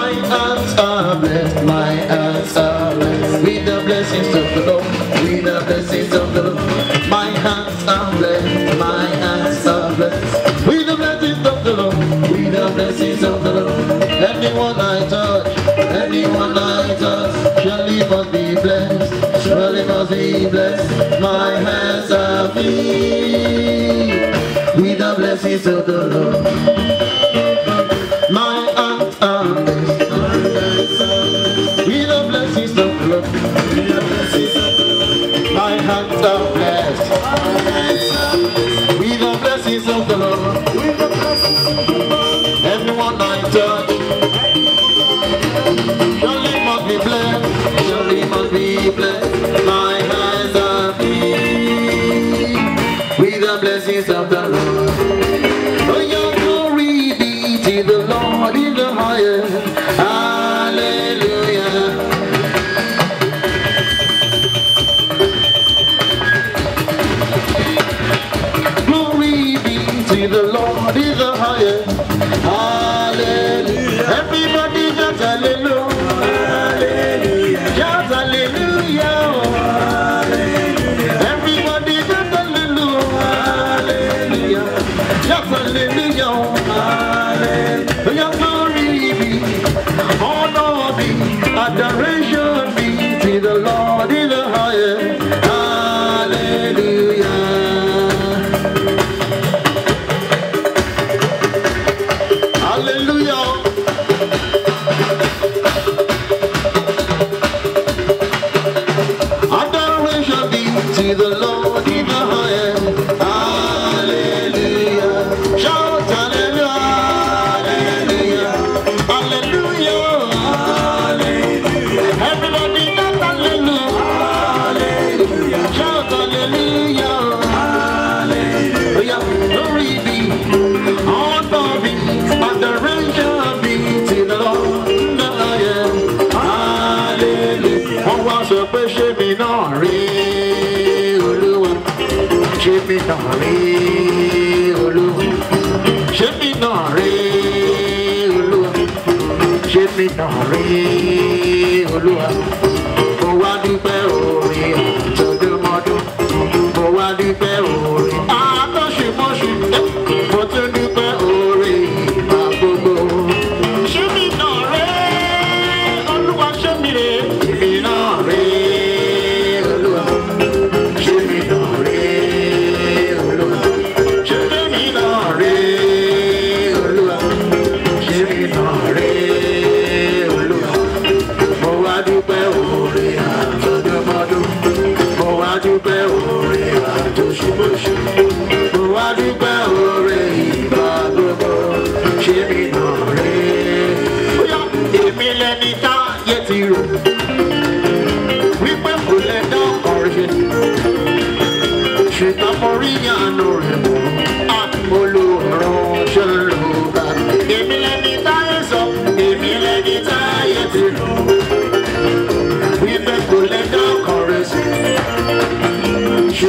My hands are blessed, my hands are blessed with the blessings of the Lord, with the blessings of the Lord. My hands are blessed, my hands are blessed with the blessings of the Lord, with the blessings of the Lord. Anyone I touch, anyone I touch, surely must be blessed, surely must be blessed. My hands are blessed, with the blessings of the Lord. See the Lord is the highest. sọ pé ṣé mi náà rí olúwa ṣé mi náà rí olúwa ṣé mi náà rí olúwa ṣé mi náà rí olúwa.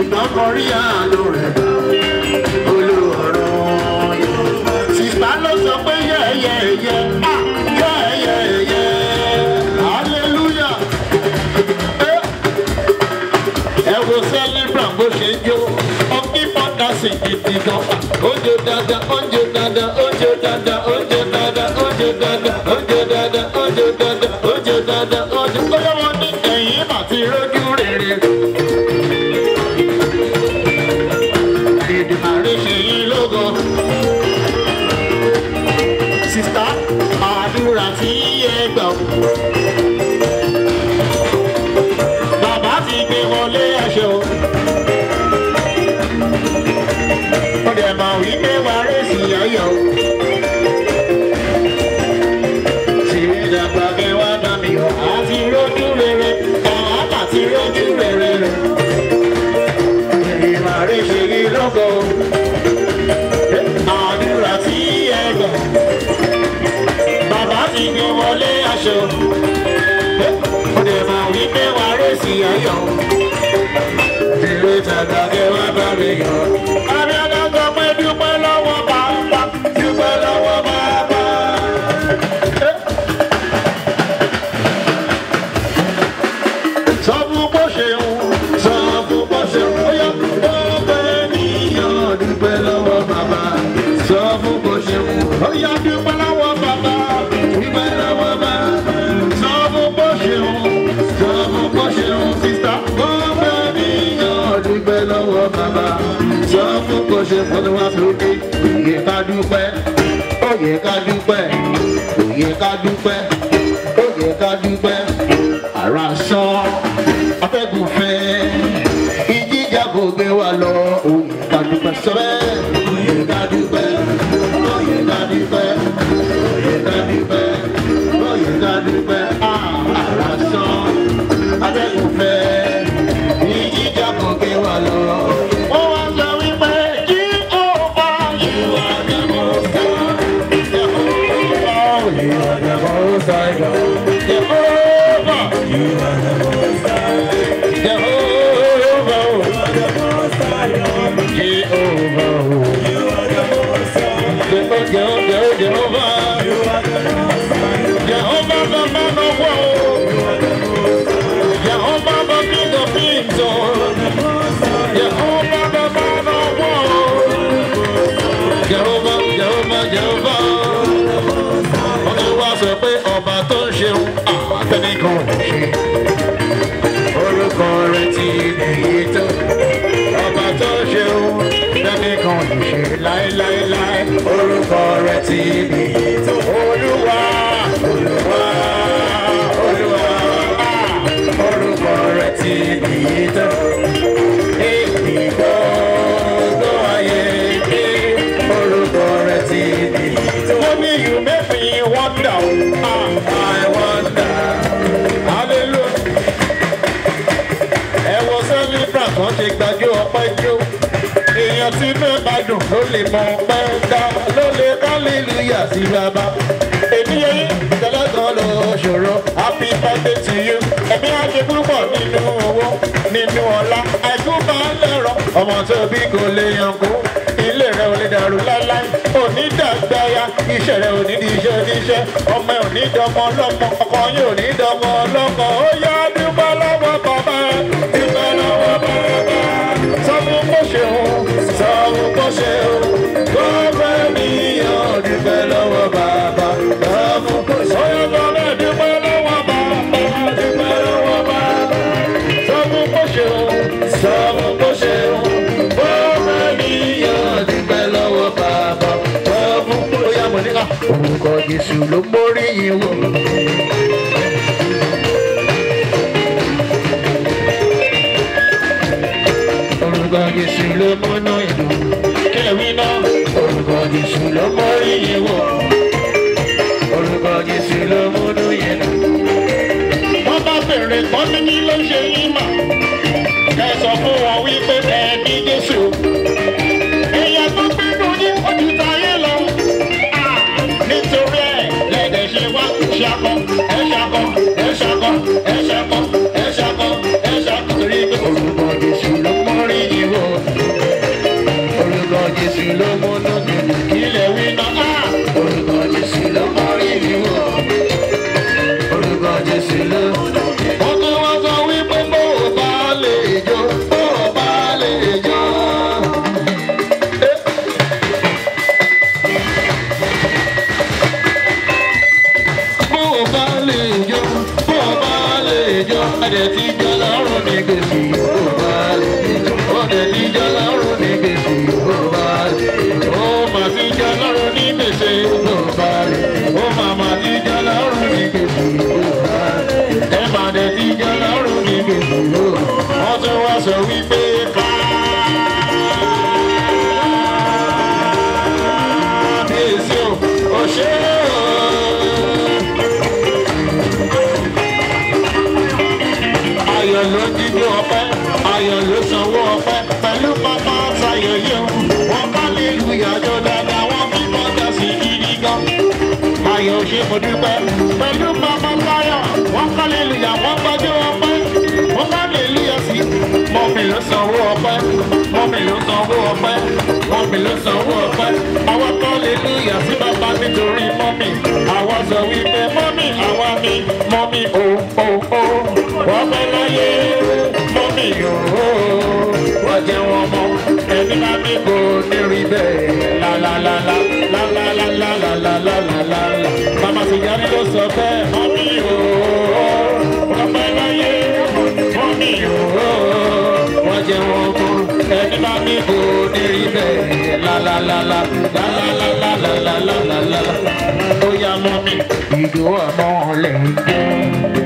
ìgbọ́kọrí àánú rẹ̀ bá olùwọ̀rọ̀ yóò. Sìgbà ló sọ pé yẹ́yẹ́yẹ́ yẹ́yẹ́yẹ́ hallelujah. Ẹ wo celebrant bó ṣe ń jó ọkí fọ́dà sí gidi gan. Oúnjẹ dáadáa, oúnjẹ dáadáa, oúnjẹ dáadáa, oúnjẹ dáadáa, oúnjẹ dáadáa, oúnjẹ dáadáa, oúnjẹ dáadáa. nígbà o. bàbá ti gbé wọlé ẹṣẹ o. ó dẹ̀ mọ̀ wípé wàá rèsì yọ̀yọ̀ o. ṣèlè dàgbà kẹwà dàmí o. àti rojú rere bàbá àti rojú rere rẹ. ìrìn àrèsè yìí lọ́gọ̀ọ́. àdúrà tí ẹ gbà. Bàbá ti gbé wọlé aṣọ. Ó dẹ̀ máa wí pé wà á rèsì ayọ̀. Ìrètàdàgẹ́ wá bá mi yọ̀. Abíọ́lá. bàbá sọ fún kò ṣe fọdún wá lókè òye ká dúpẹ́ òye ká dúpẹ́ òye ká dúpẹ́ òye ká dúpẹ́ ara sọ afẹ́gùn fẹ́ ìjíjà kò gbé wa lọ òye ká dúpẹ́ sọ òye ká dúpẹ́ òye ká dúpẹ́ òye ká dúpẹ́ òye ká dúpẹ́. àtẹnìkan ṣe orúkọ rẹ ti nìyí tó ọba tó ṣe ó tẹnìkan ṣe láéláéláé orúkọ rẹ ti nìyí tó olúwa olúwa olúwa orúkọ rẹ ti nìyí tó. Tell me you make me wonder ló lè mọ pẹ́ dá ló lè hallelujah sí bàbá. èmi yẹn ìtẹ́lẹ́tọ̀ ló ṣòro happy birthday to you. ẹ̀mí á ṣe púpọ̀ nínú owó nínú ọlá àìkú máa ń lẹ̀rọ ọmọ tó bí kò lè yankó ilé rẹ ò lè dàrú láíláí òní dàgbáyà iṣẹ́ rẹ ò ní di iṣẹ́ oníṣẹ́ ọmọ ẹ ò ní dọmọ ọlọ́mọ ọkọ yín ò ní dọmọ ọlọ́mọ ó yọ. ló mórí yín wò. Orúkọ Jésù ló múnú ìlú kẹ̀wé náà. Orúkọ Jésù ló mórí yín wò. Orúkọ Jésù ló múnú yín lò. Bàbá bèrè kọ́ni ní ló ṣe. sọ wípé ká. Kábíyèsí o, ó ṣe é. ayọ̀ ló dídú ọpẹ́ ayọ̀ ló sanwó ọpẹ́ pẹ̀lú pápá sayọ̀ yẹn wọ́n bá lè lu ìyàjọ́ dáadáa wọ́n fi mọ́tà sí gidi gan. ayọ̀ ṣe mo dúpẹ́ pẹ̀lú pápá sayọ̀ wọ́n kọ́ lè lu ìyàwó gbọ́dọ̀. sanwó ọpẹ́ mọ́mì ló sanwó ọpẹ́ mọ́mì ló sanwó ọpẹ́ àwa kọ́ lè ní ìyàsí bàbá nítorí mọ́mì àwa sọ wípé. lára mi kò ní rí bẹ́ẹ̀ lálálálá lálálálálálálá ó yá mọ́ mi ìdó ọmọ ọ̀lẹ́ ń jó.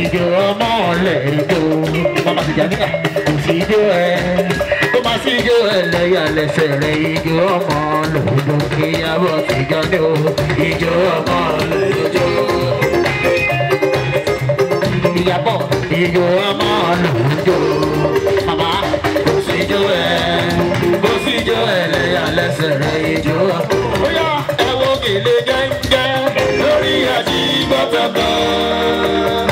ìdó ọmọ ọ̀lẹ́ ń jó. bàbá ti jà nígbà kò sí ijó ẹ kó má sí ijó ẹ lẹ́yà lẹ́sẹ̀ rẹ̀ ọmọ lòdò kíyàwó tìjọ́ ní o ìdó ọmọ lòdò. ìyàbọ̀ ijó ọmọ lòún jó bàbá kò sí ijó ẹ kò sí ijó ẹ lẹ́yà lẹ́sẹ̀ rẹ̀ ijó ọ̀yà ẹ wo gèlè gẹ́gẹ́ lórí àjíbọ̀tàbọ̀.